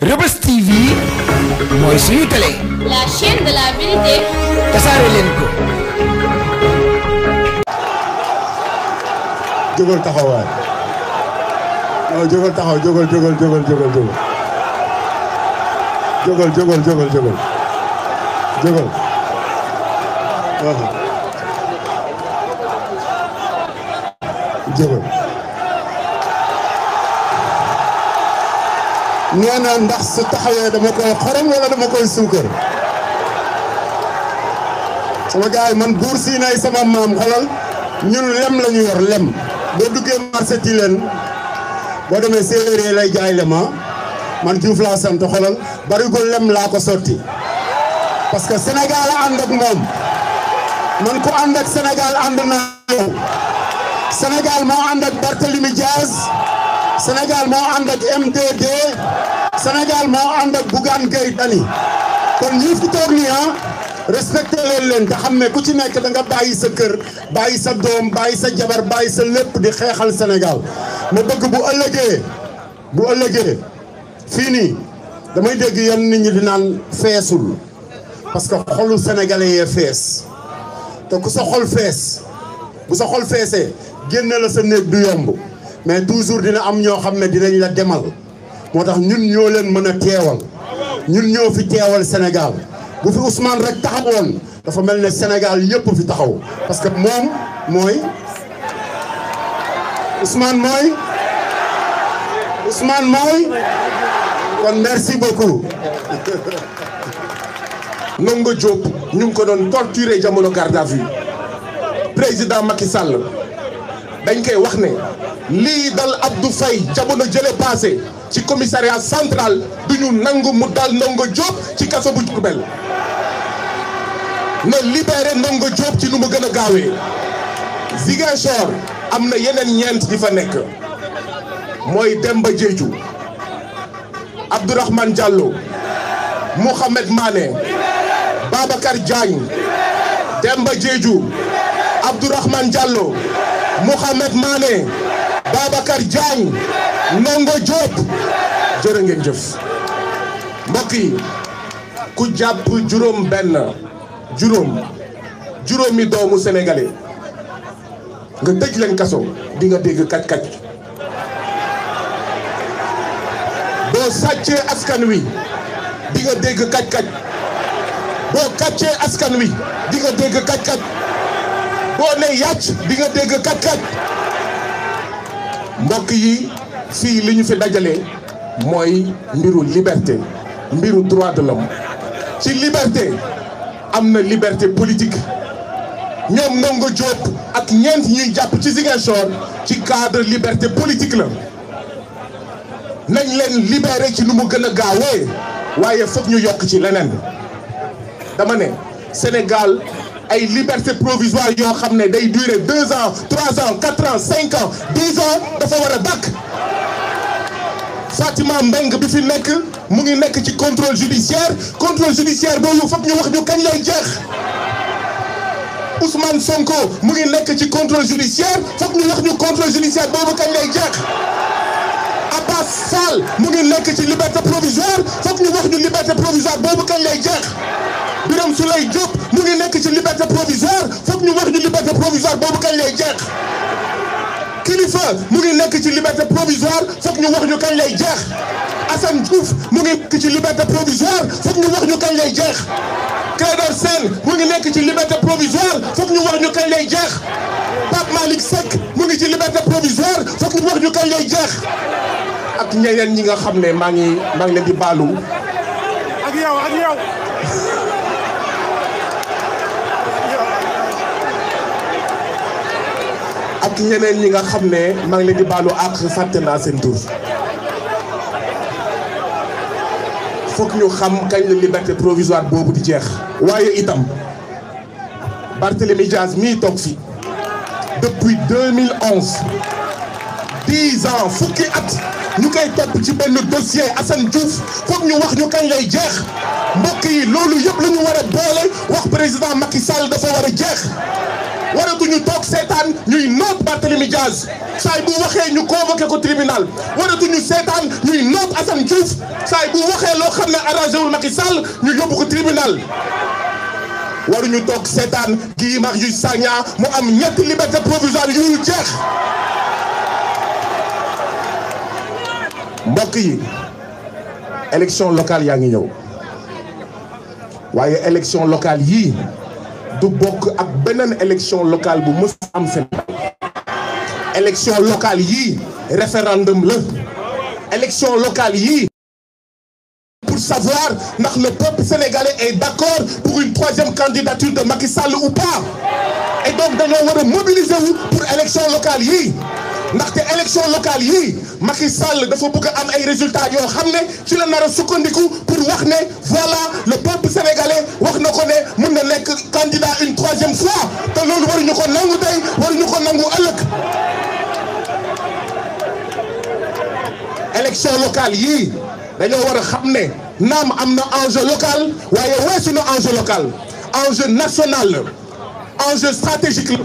Reubeuss TV la chaîne de la vérité. tasaare leen ko. jógal taxawaay non jógal taxaw jógal jógal jógal jógal jógal jógal jógal jógal نانا ندخ ستحيا دا مكو خرم ولا دا مكو سوكر سما جاي من بورسي ناي سما مام خلال نيو لم لا نيو يور لم بو دوكي مارسيتي لن بو دمي سيري لاي جاي لما من جوف لا سانت خلال باري كو لم لا كو سوتي باسكو سينيغال اندك موم من كو اندك سينيغال اندنا سينيغال مو اندك بارتليمي جاز Sénégal moo ànd ak MDD Sénégal moo ànd ak Bougane Gueye Dany kon ñi fi toog nii ah respecté leen leen te xam ne ku ci nekk da nga bàyyi sa kër bàyyi sa doom bàyyi sa jabar bàyyi sa lépp di xeexal Sénégal ma bëgg bu ëllëgee bu ëllëgee fii nii damay dégg yenn nit ñi di naan feesul parce que xolu sénégalais yee fees te ku sa xol fees bu sa xol feesee génne la sa néeg du yomb. mais toujours dina am ñoo xamné dinañ la démal motax ñun ñoo leen mëna a ñun ñoo fi au Sénégal bu fi Ousmane rek taxawoon dafa melni Sénégal pour fi taxaw parce que moi, moi... Ousmane moy Ousmane moy merci beaucoup Diop ko torturé jamono garde à président Macky Sall dañ koy wax ne lii dal Abdou Faye jamono jële passé ci commissariat central du ñu nangu mu dal Ndongo Diop ci kaso bu Diourbel na libéré Ndongo Diop ci lu mu gën a gaawee Ziguinchor am na yeneen ñeent di fa nekk mooy Demba Diédhiou Abdourahmane Diallo Mouhamed Mané Babacar Diagne Demba Diédhiou Abdourahmane jàlloo Mouhamed Mané Babacar Diagne Ndongo Diop jërë ngeen jëf mbokk ku jàpp juróom benn juróom juróomi doomu sénégalais nga tëj leen kaso dinga dégg kaj-kaj boo sàccee askan wi dinga dégg kaj-kaj boo kàccee askan wi di nga dégg kaj-kaj boo ne yàcc di nga dégg kat kat mbokk yi fii li ñu fi dajale mooy mbiru liberté mbiru droit de l'homme ci liberté am na liberté politique ñoom Ndongo Diop ak ñeent ñuy jàpp ci Ziguinchor ci cadre liberté politique la nañ leen libéré ci lu mu gën a gaawee waaye foog ñu yokk ci leneen dama ne Sénégal ay liberté provisoire yo xamné day durer 2 ans 3 ans 4 ans 5 ans 10 ans dafa wara bac dakk Fatima Mbeng bi fi nek mu ngi nek ci contrôle judiciaire contrôle judiciaire bo yu foog ñu wax ñu kañ lay jex Ousmane Sonko mu ngi nek ci contrôle judiciaire foog ñu wax ñu contrôle judiciaire boobu kañ lay jex Abbas Sall mu ngi nek ci liberté provisoire foog ñu wax ñu liberté provisoire boobu kañ lay jex Birame Souleye Diop mu ngi nekk ci liberté provisoire foog ñu wax ñu liberté provisoire boobu kañ lay jeex. mu ngi nekk ci liberté provisoire foog ñu wax ñu kañ lay jeex Assane Diouf mu ngi nekk ci liberté provisoire foog ñu wax ñu kañ lay jeex. Clédor Sène mu ngi nekk ci liberté provisoire foog ñu wax ñu kañ lay jeex Pape Malick Seck mu ngi ci liberté provisoire foog ñu wax ñu kañ lay jeex. ak ñeneen ñi nga xam ne maa ngi maa ngi leen di baalu. ak yow ak yow. ak ñeneen ñi nga xam ne maa ngi leen di baalu àq fàtte naa seen tur fook ñu xam kañ la liberté provisoire boobu di jeex. waaye itam Barthélémy Diaz mii toog fi depuis 2011 10 ans fukki at ñu koy topp ci benn dossier Assane Diouf foog ñu wax ñu kañ lay jeex mbokk yi loolu yëpp la ñu war a boole wax président Macky Sall dafa war a jeex. waratuñu toog seetaan ñuy noot Barthélemy Diaz saay bu waxee ñu convoqué ko tribunal waratuñu seetaan ñuy noot Assane Diouf saay bu waxee loo xam ne arrangé wul ñu yóbbu ko tribunal waruñu toog seetaan Guy Marius Sagna mu am ñetti liberté provisoire yu jeex yi élection locale yaa ngi ñëw waaye élection locale yii du bokk ak une élection locale bu am élection locale référendum le élection locale pour savoir si le peuple sénégalais est d'accord pour une troisième candidature de Macky Sall ou pas et donc nous allons mobiliser pour élection locale ndaxte élection locale yi Macky Sall dafa bëgg a am ay résultats yoo xam ne ci la nar a sukkandiku pour wax ne voilà le peuple sénégalais wax na ko ne mun na nekk candidat une troisième fois te loolu waruñu ko nangu tey waruñu ko nangu ëllëg. élection locale yi dañoo war a xam ne naam am na enjeu local waaye weesu na enjeu local enjeu national enjeu stratégique la.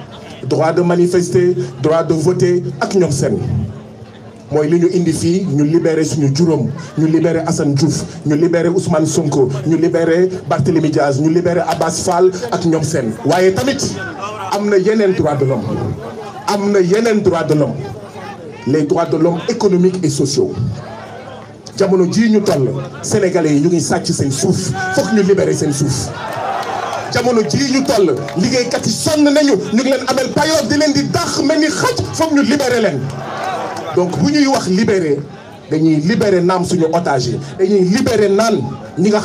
droit de manifester droit de voter à ñoom Moi, il li ñu indi nous ñu libéré nous libérons Hassan Djouf, Assane Diouf Ousmane Sonko nous libérons Barthélémy Diaz nous libérons Abbas Fall à ñoom seen Vous tamit amna yenen droit de l'homme Amna yenen droit de l'homme les droits de l'homme économiques et sociaux jamono ñu toll sénégalais yi ñu ngi sàcc faut faut que ñu libéré seen jamono jii ñu toll nañu ñu di di ni ñu libéré leen donc bu ñuy wax libérer dañuy libérer naam suñu otage yi dañuy libérer naan ñi nga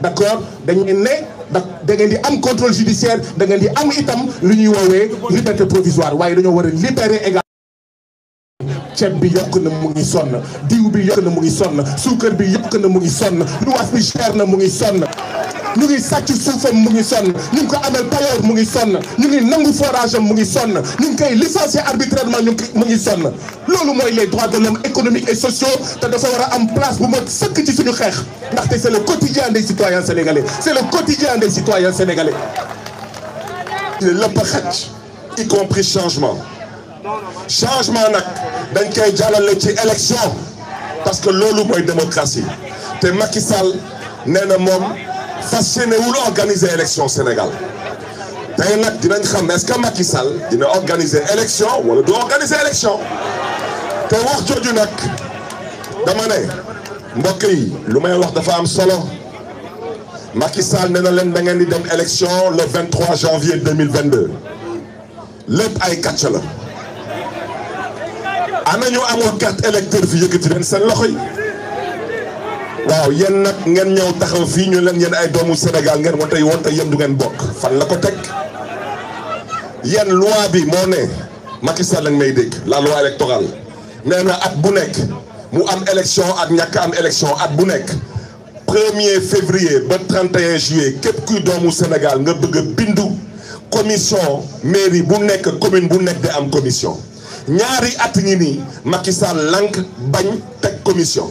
d'accord dañuy ne da di am contrôle judiciaire da ngeen di am itam lu ñuy liberté provisoire waaye dañoo war a également ceeb bi yokk na mu ngi sonn diw bi yokk na mu nous ngi souffrent suufam nous ngi sonn ñu ko amel payoor mu ngi sonn ñu ngi nangu forage am mu ngi sonn ñu arbitrairement mu les droits de l'homme économiques et sociaux nous dafa avoir en am place bu ce que ci suñu c'est le quotidien des citoyens sénégalais c'est le quotidien des citoyens sénégalais c'est a xaj y compris changement changement c'est dañ koy jàllale ci élection parce que c'est la démocratie C'est Makissal, Sall fas yéene wul organiser élection Sénégal tay nak dinañ xam est-ce que Macky Sall dina organiser élection wala do organiser élection te wax jooju nak dama né mbokk yi lumay wax dafa am solo Macky Sall na da ngeen di élection le 23 janvier 2022 lépp ay kàcc la ana ñu amoon carte électeur fi yëkëti len seen loxo waaw yen nak ngeen ñëw taxaw fi ñu leen yéen ay doomu Sénégal ngeen won tay yéen du ngeen bok fan la ko tek yéen loi bi mo ne Macky Sall lañ may dégg la loi électorale nee na at bu nekk mu am élection ak ñàkk am élection at bu nekk 1er février ba 31 juillet képp kuy doomu Sénégal nga bëgg bindu commission mairie bu nekk commune bu nekk da am commission ñaari at ñi nii Macky Sall lank bañ tek commission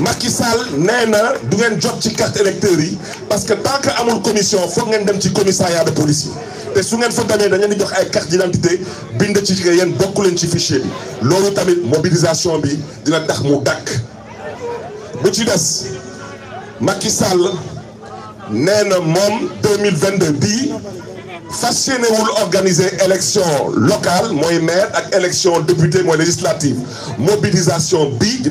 Macky Sall nee du ngeen jot ci carte électeur yi parce que tant que amul commission foog ngeen dem ci commissariat de police té su ngeen fa demee dañ leen jox ay carte d'identité bind ci yéen bokku leen ci fichier bi loolu tamit mobilisation bi dina tax mu dak bu ci dess Macky Sall nee na 2022 bii fas organiser élection locale moy maire ak élection député moy législative mobilisation bi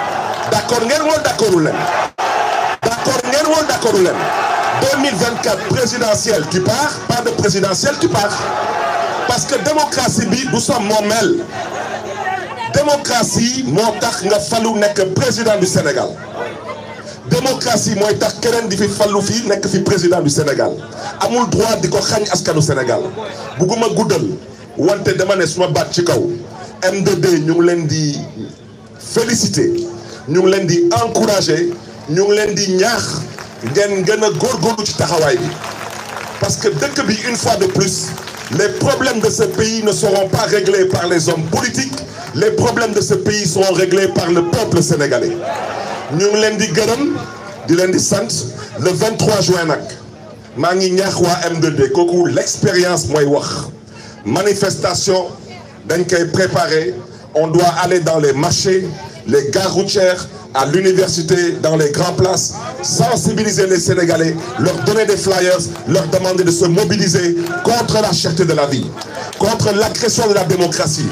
D'accord, accord ngeen woon d' D'accord, leen d' accord ngeen 2024 présidentielle tu pars pas de présidentielle tu pars parce que démocratie bi sommes sa démocratie moo tax nga falu nekk président du Sénégal démocratie mooy tax keneen di fi falu fii fi président du Sénégal amul droit di ko xañ askanu Sénégal bugguma guddal wante dama ne suma baat ci kaw M2D ñu ngi di féliciter nous ngi encourager nous ngi leen di ñaax ngeen gën ci parce que dès une fois de plus les problèmes de ce pays ne seront pas réglés par les hommes politiques les problèmes de ce pays seront réglés par le peuple sénégalais Nous ngi leen di gërëm di le 23 juin Nous maa ngi ñaax M2D l'expérience manifestation dañ koy préparer on doit aller dans les marchés les gares à l'université, dans les grandes places, sensibiliser les Sénégalais, leur donner des flyers, leur demander de se mobiliser contre la cherté de la vie, contre l'agression de la démocratie,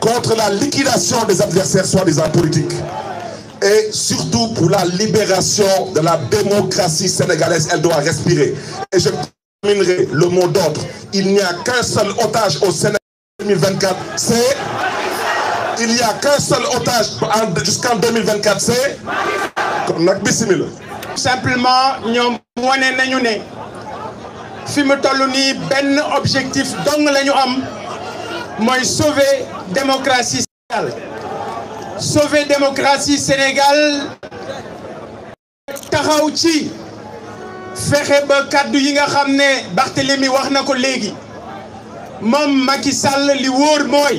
contre la liquidation des adversaires soi-disant politiques et surtout pour la libération de la démocratie sénégalaise, elle doit respirer. Et je terminerai le mot d'ordre. Il n'y a qu'un seul otage au Sénégal 2024, c'est il n'y a qu'un seul otage jusqu'en 2024 c'est comme simplement nous avons nañu ne fi mu objectif donc la ñu am sauver démocratie Sénégal sauver démocratie Sénégal taxaw ci fexe ba kàddu yi nga xam ne Barthélémy wax na Macky li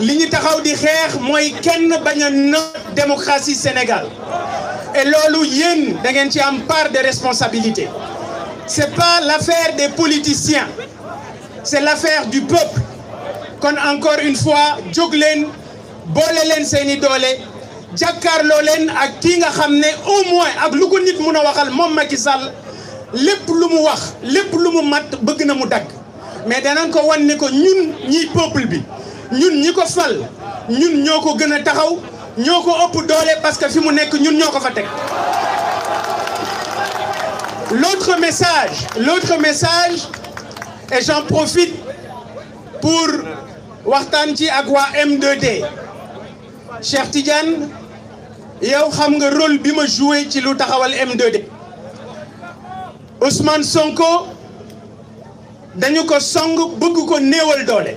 li ñu taxaw di xeex mooy kenn démocratie Sénégal et loolu yéen da ngeen ci am part de responsabilité c'est pas l'affaire des politiciens c'est l'affaire du peuple kon encore une fois jóg Bolélen boole leen seeni doole jàkkaarloo ak au moins à lu ko nit makisal, les waxal les Macky Sall lépp wax mat bëgg na mais danañ ko wan ne ko ñun ni peuple bi ñun ñiko fal ñun ñoko gëna taxaw ñoko upp ëpp doole parce que fi mu nekk ñun ñoko fa tek l'autre message l'autre message et j'en profite pour waxtan ci ak wa M2D Cheikh Tidiane yow xam nga rôle bima jouer ci lu taxawal M2D Ousmane Sonko dañu ko song bëgg ko neewal doole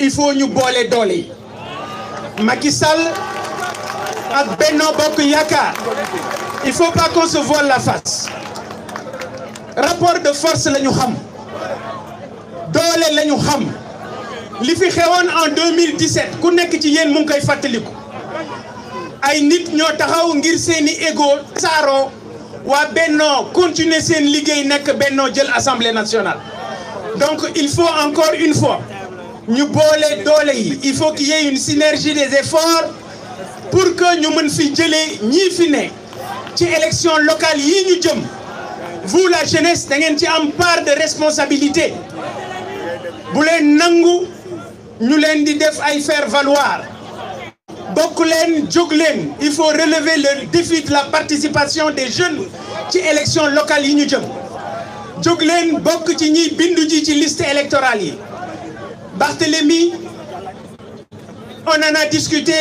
il faut nous boire les Macky Sall ak Benno Bokk Yaka, il faut pas qu'on se voile la face rapport de force la ñu xam doole la xam li fi xewoon en 2017 ku nekk ci yéen mu ngi koy fàttaliku ay nit ñoo taxaw ngir seeni égo saaroo waa Benno continuer seen se faire Benno jël assemblée nationale donc il faut encore une fois ñu yi il faut qu'il y ait une synergie des efforts pour que nous mën fi jëlee ñii fi ne ci élection locale yi vous la jeunesse vous une ci part de responsabilité vous leen nangu ñu leen di def ay faire valoir leen il faut relever le défi de la participation des jeunes ci élections locales yi ñu jëm leen ci liste électorale Barthélemy, on en a discuté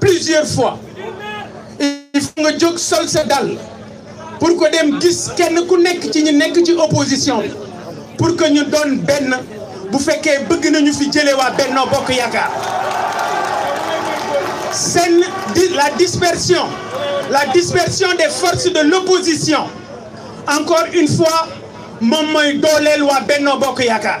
plusieurs fois. il faut que nous seul sa pour que nous gis kenn ku nous ci pour que nous donnions Ben, bu fekkee que nous fi jëlee waa Benno Bokk la dispersion la dispersion des forces de l'opposition encore une fois nous donne dooleel lois Benno Bokoyaka.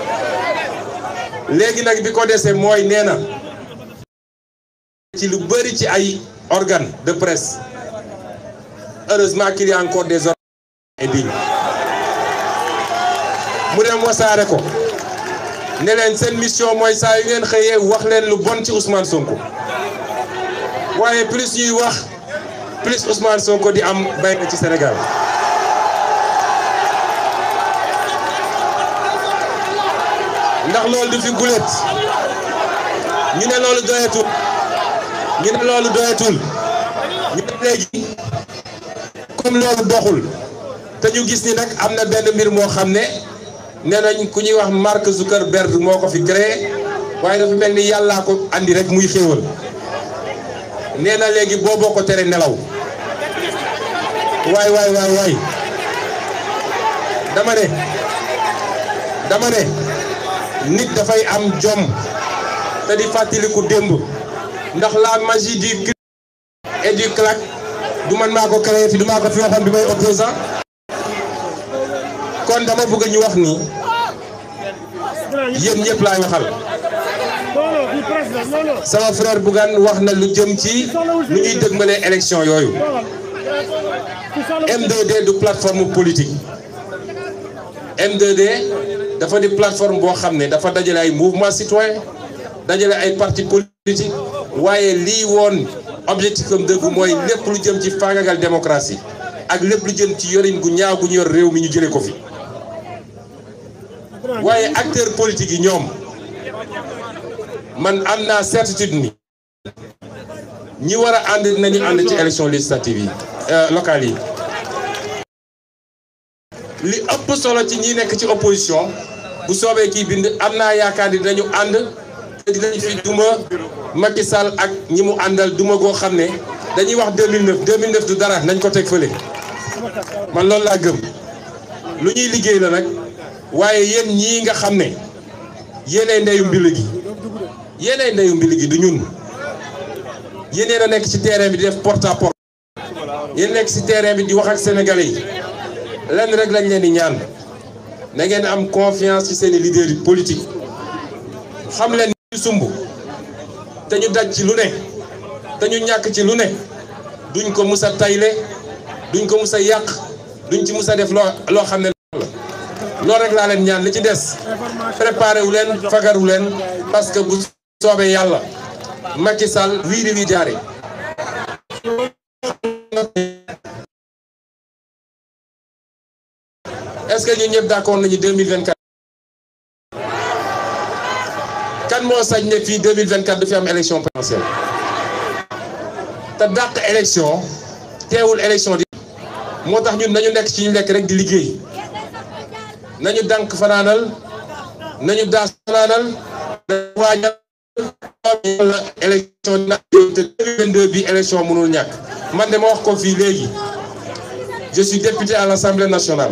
léegi nag bi ko desee mooy nee na ci lu bëri ci ay organe de presse heureusement qu'il y encore des organes et dignes mu dem wasaare ko ne seen mission mooy saa yu ngeen xëyee wax leen lu bon ci Ousmane Sonko waaye plus ñuy wax plus Ousmane Sonko di am bay ci Sénégal ndax loolu du fi guléet ñu ne loolu doyatul ñu ne loolu doyatul ñu ne léegi comme loolu doxul te ñu gis ni nag am na benn mbir moo xam ne nee nañ ku ñuy wax Mark Zuckerberg moo ko fi créé waaye dafa mel ni yàllaa ko andi rek muy xéewal nee na léegi booboo ko tere nelaw waay waay waay dama ne dama ne. nit fay am jom te di ku demb ndax la magie du et du clac du man mako créer fi du mako fi waxoon bi may opposant kon dama bëgg ñu wax ni yéen ñëpp laay waxal sama frère bugan wax na lu jëm ci lu ñuy dëgmalé élection yoyu M2D du plateforme politique M2D dafa di plateforme bo xamné dafa dajalé ay mouvement citoyen dajalé ay parti politique wayé li won objectif am dëgg mooy lépp lu jëm ci faagagal démocratie ak lepp lu jëm ci yorin gu ñaaw gu ñor réew mi ñu jëlé ko fi wayé acteur politique yi ñoom man am certitude ni ñi wara and nañu and ci élection législative yi euh, locale yi li ëpp solo ci ñi nekk ci opposition bu soobee kii bind am naa yaakaar ni dañu ànd te dinañ fi duma Macky Sall ak ñi mu àndal duma goo xam ne dañuy wax 2009 2009 du dara nañ ko teg fële man loolu laa gëm lu ñuy liggéey la nag waaye yéen ñi nga xam ne yéenay ndeyu mbili gi yéenay ndeyu mbili gi du ñun yéen a nekk ci terrain bi di def porte à porte nekk ci terrain bi di wax ak sénégalais yi lenn rek lañ leen di ñaan. na ngeen am confiance ci seen i leaders politique xam leen ñu sumb te ñu daj ci lu ne te ñu ñàkk ci lu ne duñ ko musa a tayle duñ ko mus a yàq duñ ci mus a def loo loo xam ne la loolu rek laa leen ñaan li ci des préparé wu leen fagaru leen parce que bu soobee yàlla Macky Sall wii di wii jaare est-ce que ñun ñëpp d'accord nañu 2024 kan moo sañ ne fii 2024 du fi am élection présidentielle te dàq élection teewul élection di moo tax ñun nañu nekk ci ñu nekk rek di liggéey nañu dànk fanaanal nañu daas fanaanal dañu waajal élection dina 2022 bi élection mënul ñàkk man de ma wax ko je suis député à l'Assemblée nationale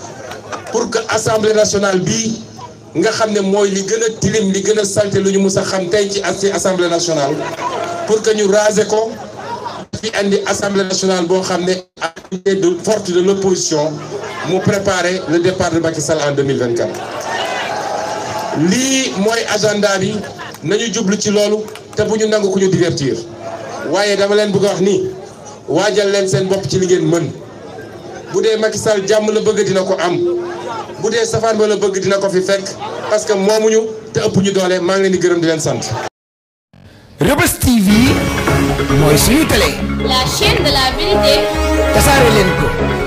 pour que l'Assemblée nationale bi nga xamné moy li li assemblée nationale pour que ñu raser ko nationale bo xamné de forte de l'opposition nous préparer le départ de Macky Sall en 2024 Li agenda bi nañu jublu ci lolu té divertir wayé dama leen bëgg wax ni leen ci Macky Sall bu dee safaan ba la bëgg dina ko fi fekk parce que moomuñu te ëpp ñu doole maa ngi leen ni gërëm di leen sant. Reubeuss TV mooy suñu télé. la chaîne de la vérité. tasaare leen